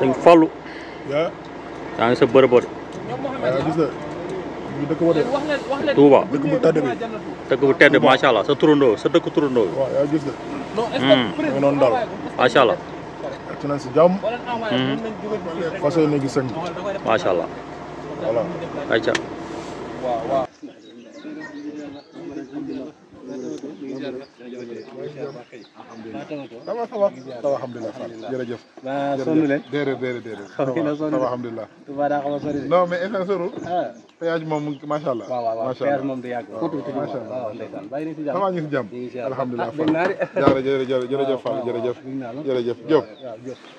sëñ Fallu. yaa ngi sa bërëb de. dëkk bu tedd macha allah sa turandoo sa dëkk turandoo bi. Hmm. macha allah. ci si jàmm. Hmm. fas yéene gis sëñ allah. voilà. dama tabax taw alhamdulilah Fall jërëjëf ba sonn leen déedéet déedéet déedéet taw alhamdulilah Touba a sori non mais effet sorul péage moom macha allah waaw allah sama ñu si jàmm alhamdulilah Fall jërëjëf jërëjëf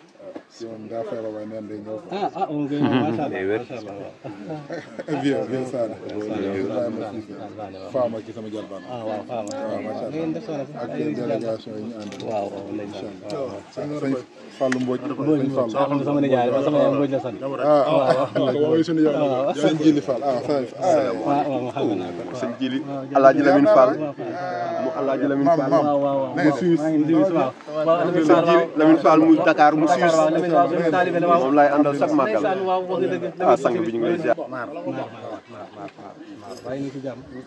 si moom daa feebar waaye neen day ñëw ko ah ah moom kay macha allah macha allah waaw. bien bien Sané. faama ci sama jarbaan. ah waaw faama waaw macha allah ak délégation yi ñu ànd. waaw waaw incha allah. sëñ Fallou Mbodj. Mbodj Fallou sama nijaay la sama nijaay Mbodj la sant. ah waaw waaw suñu yaay waaw sëñ Jili Fall ah xam nga naa ko. sëñ Jili Alaaji Lamine Fall. mu Alaaji Lamine Fall. waaw waaw waaw mu Suisse. waaw Alaaji Lamine Fall mu Dakar mu Suisse. Naar waaw Lamine waaw suñu taalibe la waaw moom laay àndal chaque màggal waaw wax nga dëgg sang bi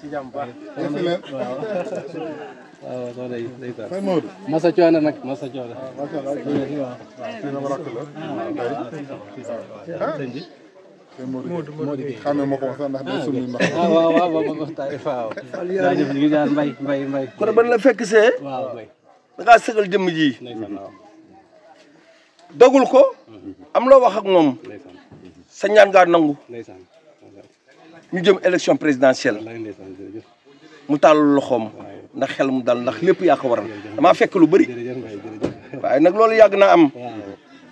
ci jàmm ñu so day day tar masa coono nag masa coono Modou Modou xam nga ma ko wax sax ndax day suñu ndax waaw waaw waaw ma mbay kon ban la fekk see waaw mbay da ngaa sëgal ji dogul ko am loo wax ak moom sa ñaan ngaa nangu ñu jëm élection présidentielle mu tàll loxoom ndax xel mu dal ndax lépp yaa ko waral maa fekk lu bëri waaye nag loolu yàgg naa am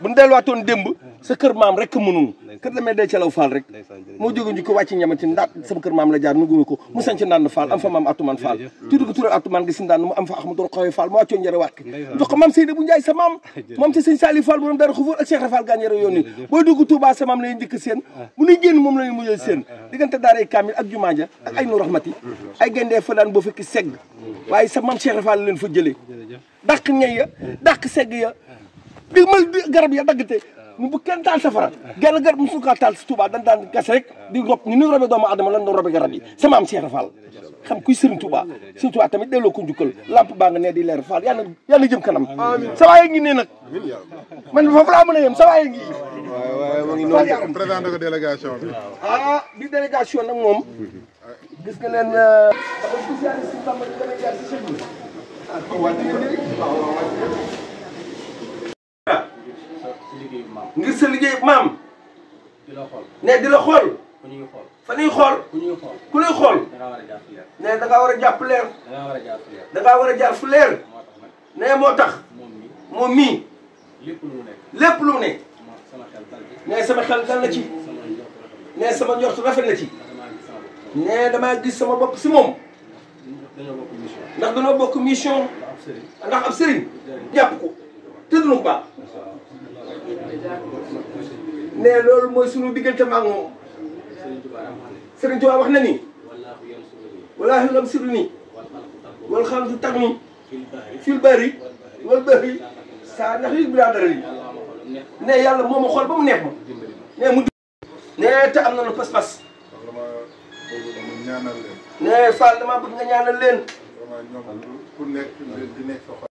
bu ñu delluwaatoon démb sa kër maam rek mënunu kër damay day calaw Fall rek moo jóge ñu ko wàcc ndaat sama kër maam la jaar nu gunge ko mu sanc ndand Fall am fa maam Atumaan Fall tuddu ko tural Atumaan gi si ndand mu am fa Ahmadou Rokhaya Fall mu wàccoo njëre wàq jox ko maam Seydou bu Ndiaye sa maam moom ci sëñ Saliou Fall borom dara xufuur ak Cheikh Rafal gàññeero yoon ni booy dugg Touba sa maam lay njëkk seen bu ah. ñuy génn moom ah, ah, ak jumaa ay nu rahmati mm-hmm. ay gendee fa daan ñu bu kenn taal safara genn garab musul kaa taal si Touba dañ rek di rob ñu nu robe doomu adama lan doon robe garab yi sama am Cheikh Fall xam kuy Serigne Touba Serigne Touba tamit delloo ko njukkal lamp baa nga ne di leer Fall yàlla yàlla jëm kanam sa waaye ngi nee nag man foofu laa mën a yem sa ngi waaw ah, nag moom gis ci liggéeyu maam. ngir sa liggéeyu maam. di la xool ne di la xool. ku ñuy xool fa ñuy xool. ku ñuy xool ku ñuy xool. da ngaa war a jàpp leer. ne da ngaa war a jàpp leer. da ngaa leer. da ngaa war ne moo tax. moom mii. lépp lu mu nekk. lépp lu mu nekk. ne sama xel dal na ci. ne sama njort rafet na ci. ne damaa gis sama bopp si moom. ndax dañoo bokk mission. ndax ab sëriñ. jàpp ko tëdd lu baax. ne loolu mooy sunu diggante ma ak moom Sëriñ Tuubaa wax na ni walaahu yam suru ni wal xam du tag ni fil bari wal bari saa ndax yi bilaa dara yi ne yàlla moo a xool ba mu nekk ma ne mu ne te am na lu pas-pas ne Fall dama bëgg nga ñaanal leen